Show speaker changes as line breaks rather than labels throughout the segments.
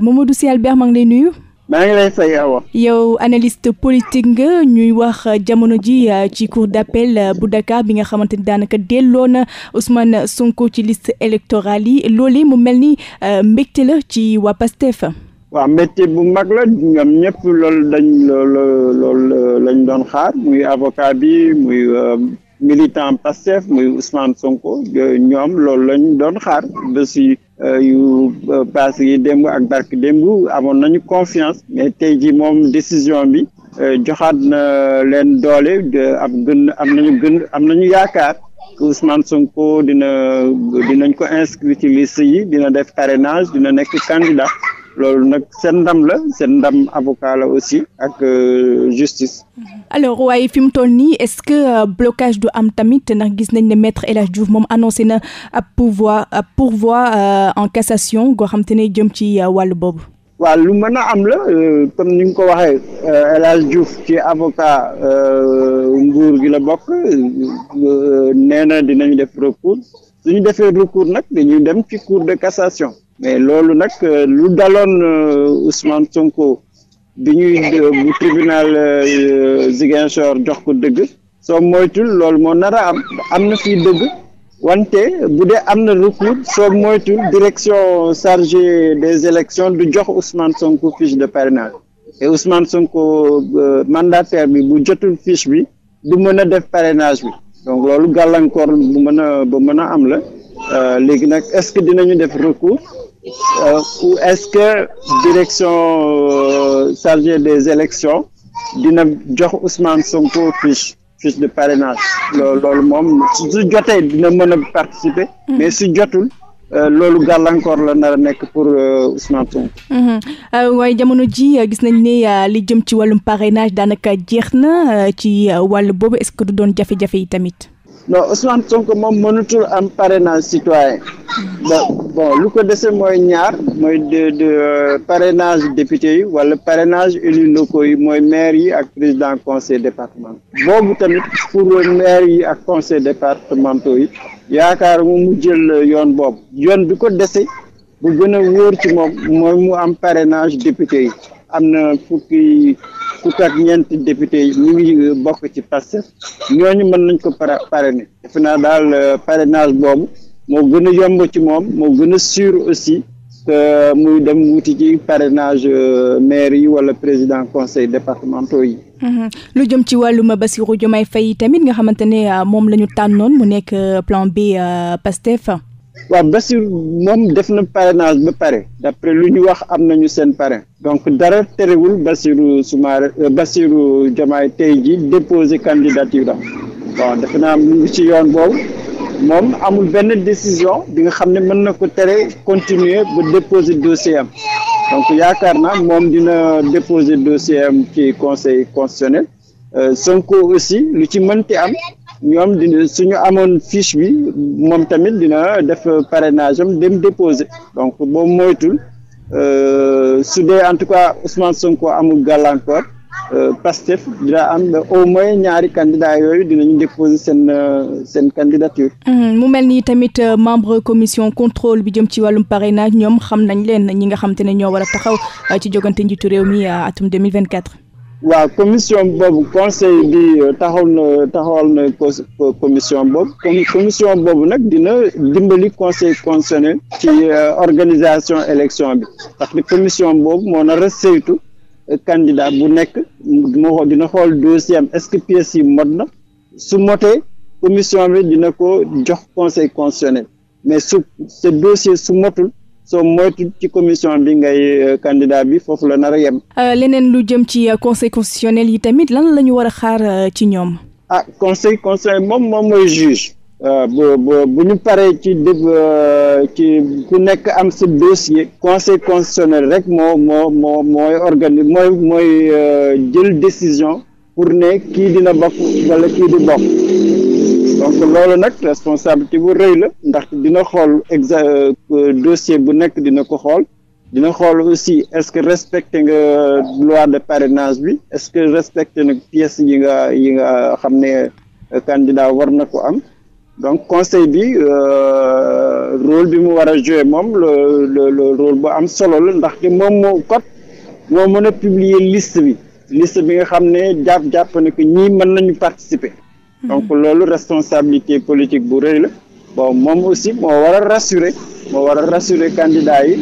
du Sy Albert maa ngi lay nuyu.
maa ngi lay fay Awa.
yow analyste politique nga ñuy wax euh, jamono ji euh, ci cour d'appel euh, bu Dakar bi nga xamante ni daanaka delloo na Ousmane sunko ci liste électorale yi loolee mu mel ni mbégte la ci waa PASTEF.
waaw mbégte bu mag la ñoom ñëpp loolu dañ lañ doon xaar muy avocat bi muy. militant Pastef muy Ousmane Sonko ñoom loolu lañ doon xaar bés yi euh, yu euh, yi démb ak bark démb amoon nañu confiance mais tey jii moom décision bi euh, joxaat na leen doole am gën am nañu gën am nañu yaakaar Ousmane Sonko dina dinañ ko inscrit ci liste yi dina def parenage dina nekk candidat loolu nag seen ndam la seen ndam avocat la aussi ak euh, justice.
Mhm. alors waaye fi mu toll nii est-ce que euh, blocage du am tamit ndax gis nañ ne maître El Hadj moom annoncé na ab pourvoi ab pourvoi euh, en cassation goo xam te ne jëm ci wàllu
boobu. waaw lu mën a am la comme ni ko waxee El Hadj Diouf ci avocat nguur gi la bokk nee na dinañ def recours ñu defee recours nag dañuy dem ci cour de cassation. mais loolu nag euh, lu daloon euh, Ousmane Sonko bi ñuy euh, bu tribunal Ziguinchor jox ko dëgg soo moytul loolu moo nar a am am na fii dëgg wante bu dee am na recours soo moytul direction chargée des élections du jox Ousmane Sonko fiche de parrainage et Ousmane Sonko mandataire bi bu jotul fiche bi du mën a def parenage bi donc loolu gàllankoor bu mën a bu mën a am la léegi nag est-ce que dinañu def recours Euh, est-ce que direction euh, chargée des élections dina jox Ousmane Sonko fiche fiche de parrainage loolu moom su jotee dina mën a participer. Mm-hmm. mais su jotul. Euh, loolu gàllankoor la nar nekk pour Ousmane Sonko.
Mm-hmm. waaye jamono ji gis nañ ne li jëm ci wàllum parrainage daanaka jeex na ci wàll boobu est-ce du doon jafe-jafe yi tamit.
non Ousmane Sonko moom mënatul am parrainage citoyen bon lu ko dese mooy ñaar mooy de de euh, parrainage député yi wala parrainage élus locaux yi mooy maire yi ak président conseil départemental boobu tamit pour maire yi ak conseil départementaux yi yaakaar mu mu jël yoon boobu yoon bi ko dese bu gën a wóor ci moom mooy mu am parenage député yi am na fukki fukk ak ñeenti député ñu euh, bokk ci Pastef ñooñu mën nañ ko para parrainer defe naa daal euh, parrainage boobu moo gën a yomb ci moom moo gën a sûr aussi que euh, muy dem wuti ci parrainage maire yi wala président conseil départementaux yi.
Mm-hmm. lu jëm ci wàllum Bassirou Diomaye Faye tamit nga xamante ne moom la ñu tànnoon mu nekk plan B Pastef.
waa Bassirou moom def na parrainage ba pare d'après lu ñu wax am nañu seen parrain donc dara terewul Bassirou Soumaré euh, Bassirou Diomaye tey ji déposé candidature am bon defe naa mu ngi ci yoon boobu moom amul benn décision bi nga xam ne mën na ko tere continuer ba déposer dossier am donc yaakaar na moom dina déposer dossier am ci conseil constitutionnel euh, Sonko aussi lu ci mënti am ñoom dina suñu amoon fiche bi moom tamit dina def parrainage am dem déposer donc boobu moytul euh, su dee en tout cas Ousmane Sonko amul gàllankoor euh, Pastef dina am au moins ñaari candidat yooyu dinañu déposer seen euh, seen candidature.
mu mel nii tamit membre commission contrôle bi jëm ci wàllum parrainage ñoom xam nañ leen ñi nga xam te ne ñoo war a taxaw ci jogante njiitu réew mi atum 2024
waaw commission boobu conseil bi euh, taxaw na taxawal na euh, commission boobu commission boobu nag dina dimbali conseil constitutionnel ci euh, organisation élection bi parce que commission boobu moo nar a saytu candidat bu nekk dina xool dossier am est-ce que pièces yi mot na su motee commission bi dina ko jox conseil constitutionnel mais su ce dossier su motul soo moytu ci commission bi ngay euh, candidat bi foofu la nar a yem.
Euh, leneen lu jëm ci euh, conseil constitutionnel yi tamit lan la ñu war a xaar ci ñoom.
ah conseil conseil moom moom mooy juge. bu bu ñu paree ci dëgg ci ku nekk am sa dossier conseil constitutionnel rek moo moo moo mooy mooy mooy jël décision pour ne kii dina bokk wala kii du bokk. donc loolu nag responsabilité bu rëy la ndax dina xool exa euh, dossier bu nekk dina ko xool dina xool aussi est-ce que respecté nga loi de parrainage bi est-ce que respecté nag pièces yi nga yi nga xam ne kandidaa euh, war na ko am donc conseil bi euh, rôle bi mu war a jouer moom le le rôle bu am solo la ndaxte moom moo kot moo mën a publier liste bi liste bi nga xam ne jàpp jàpp ne ñii mën nañu participer. donc loolu responsabilité politique bu rëy la bon moom aussi moo war a rassurer moo war a rassurer candidat yi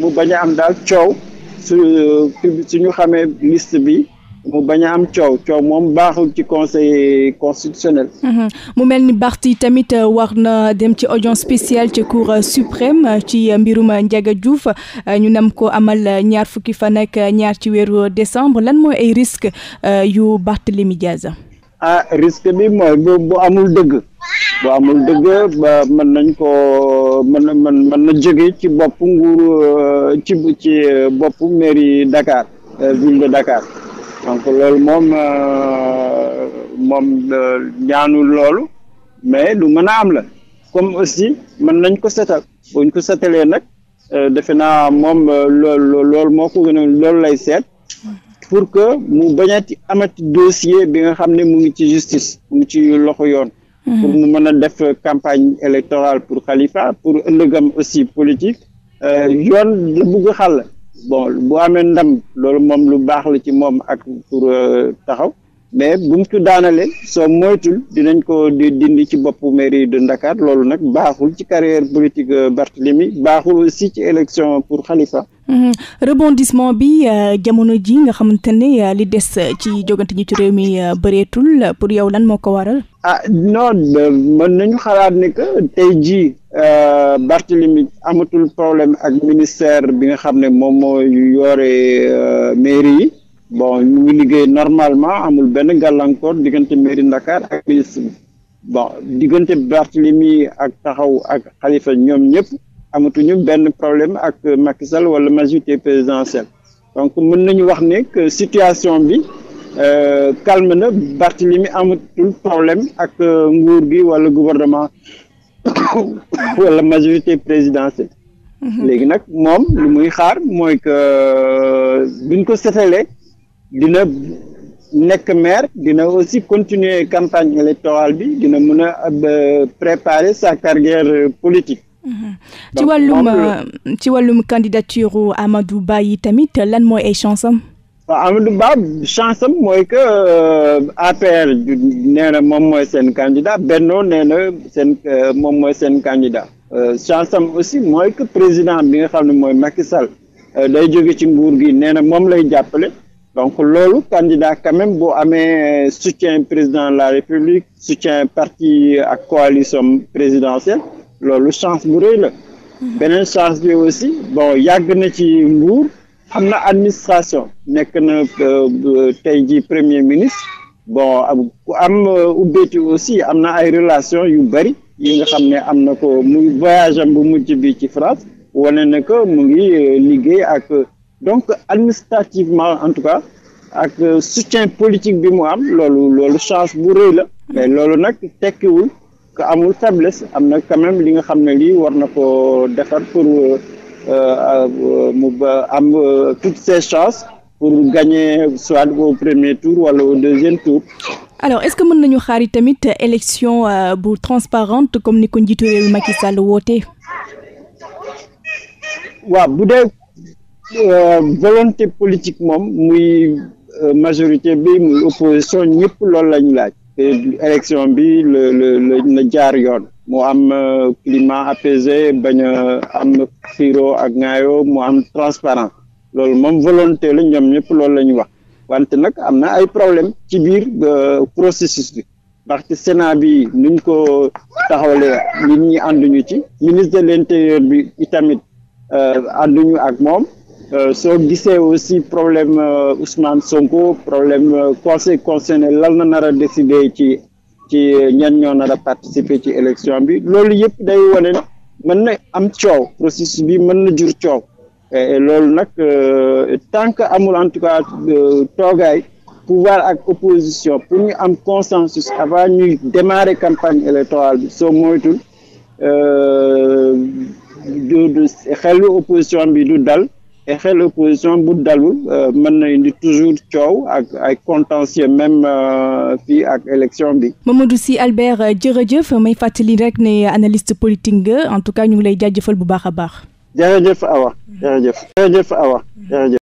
mu bañ a am daal coow su suñu xamee liste bi mu bañ a am coow coow moom baaxul ci conseil constitutionnel.
Mhm. mu mel ni yi tamit euh, war na dem ci audience spéciale ci cour suprême euh, ci euh, mbiruma Ndiaga Diouf ñu nam ko amal ñaar fukki fa ak ñaar ci weeru décembre lan mooy ay risques yu Barthélémy
Dias ah risque bi mooy bu bu amul dëgg bu amul dëgg ba mën nañ ko mën mën mën na jóge ci bopp nguuru euh, ci ci euh, bopp mairie Dakar euh, ville de Dakar donc loolu moom moom ñaanu loolu mais du mën a am la comme aussi mën nañ ko setal buñ ko setalee nag defe naa moom loolu loolu moo ko loolu lay seet pour que mu bañati amati dossier bi nga xam ne mu ngi ci justice mu ngi ci loxo yoon mm-hmm. pour mu mën a def campagne électorale pour Khalifa pour ëllëgam aussi politique euh, yoon la bëgg xàll bon bu amee ndam loolu moom lu baax la ci moom ak pour euh, taxaw mais bu mu daanale soo moytul dinañ ko di dindi ci boppu mairie de Dakar loolu nag baaxul ci carrière politique euh, Barthélemy baaxul aussi ci élection pour Khalifa
Mhm. rebondissement bi euh, jamono ji nga xamante ne euh, li des euh, ci jogante ñi ci réew mi bëreetul pour yow lan moo ko waral.
ah non mën nañu xalaat ne que tey jii Barthélemy amatul problème ak ministère bi nga xam ne moom moo yore mairie yi bon ñu ngi liggéey normalement amul benn gàllankoor diggante mairie Dakar ak ministre bi bon diggante Barthélemy ak taxaw ak Khalifa ñoom ñëpp. amatuñu benn problème ak Macky Sall wala majorité présidentielle donc mën nañu wax ni que situation bi euh, calme na Barthélemy amatul problème ak euh, nguur gi wala gouvernement wala majorité présidentielle. Mhm. léegi nag moom lu muy xaar mooy que euh, buñ ko setalee dina nekk maire dina aussi continuer campagne électorale bi dina mën a préparer sa carrière politique.
Mhm. ci wàllum euh, ci wàllum candidature Amadou Ba yi tamit lan mooy ay chance am.
waaw Amadou Ba chance am mooy que euh, APR nee na moom mooy seen candidat Benno nee na seen euh, moom mooy seen candidat chance am aussi mooy que président bi nga xam ne mooy Macky Sall day jóge ci nguur gi nee na moom lay jàppale. donc loolu candidat quand boo amee sutien président de la république soutien parti ak coalition présidentielle loolu chance bu rëy la. Mhm. beneen chance bi aussi bon yàgg na ci nguur am na administration nekk na euh, tey ji premier ministre bon ku am euh, ubbeeti aussi am na ay relation yu bari yi nga xam ne am na ko muy voyage am bu mujj bi ci France wane na ko mu ngi euh, liggéey ak donc administrativement en tout cas ak soutien politique bi mu am loolu loolu chance bu rëy la mais loolu nag tekkiwul. que amul faiblesse am na quand li nga xam ne lii war na ko defar pour euh, euh, mu am euh, toutes ses chances pour gagner soit au premier tour wala au deuxième tour.
alors est-ce que mën nañu xaari tamit élection bu transparente comme ni ko njiitu réew Macky Sall woote.
waaw bu dee volonté politique moom muy majorité bi muy opposition ñëpp loolu la ñu laaj. élection bi le le na jaar yoon moo am euh, climat apaisé bañ a am xiiroo ak ŋaayoo mu am transparent loolu moom volonté la ñoom ñëpp loolu la ñu wax wante nag am na ay problème ci biir euh, processus bi ndax ci Sénat bi nuñ ko taxawalee nit ñi ànduñu ci ministre de l'intérieur bi itamit euh, ànduñu ak moom Euh, soo gisee aussi problème euh, Ousmane Sonko problème euh, conseil constitutionnel lan la nar a décider ci ci ñan ñoo nar a participer ci élection bi loolu yëpp day wane mën na am coow processus bi mën na jur coow et loolu nag tant que amul en tout toogaay pouvoir ak opposition pour ñu am consensus avant ñuy démarrer campagne électorale bi soo moytul du xelu opposition bi du dal. et xel opposition bu dalu euh, mën na indi toujours coow ak ay contentieux même euh, fii ak élection bi.
Mamadou Sy Albert euh, jërëjëf may fàttali rek ne analyste politique nga en tout cas ñu ngi lay jaajëfal bu baax a baax.
jërëjëf Awa jërëjëf jërëjëf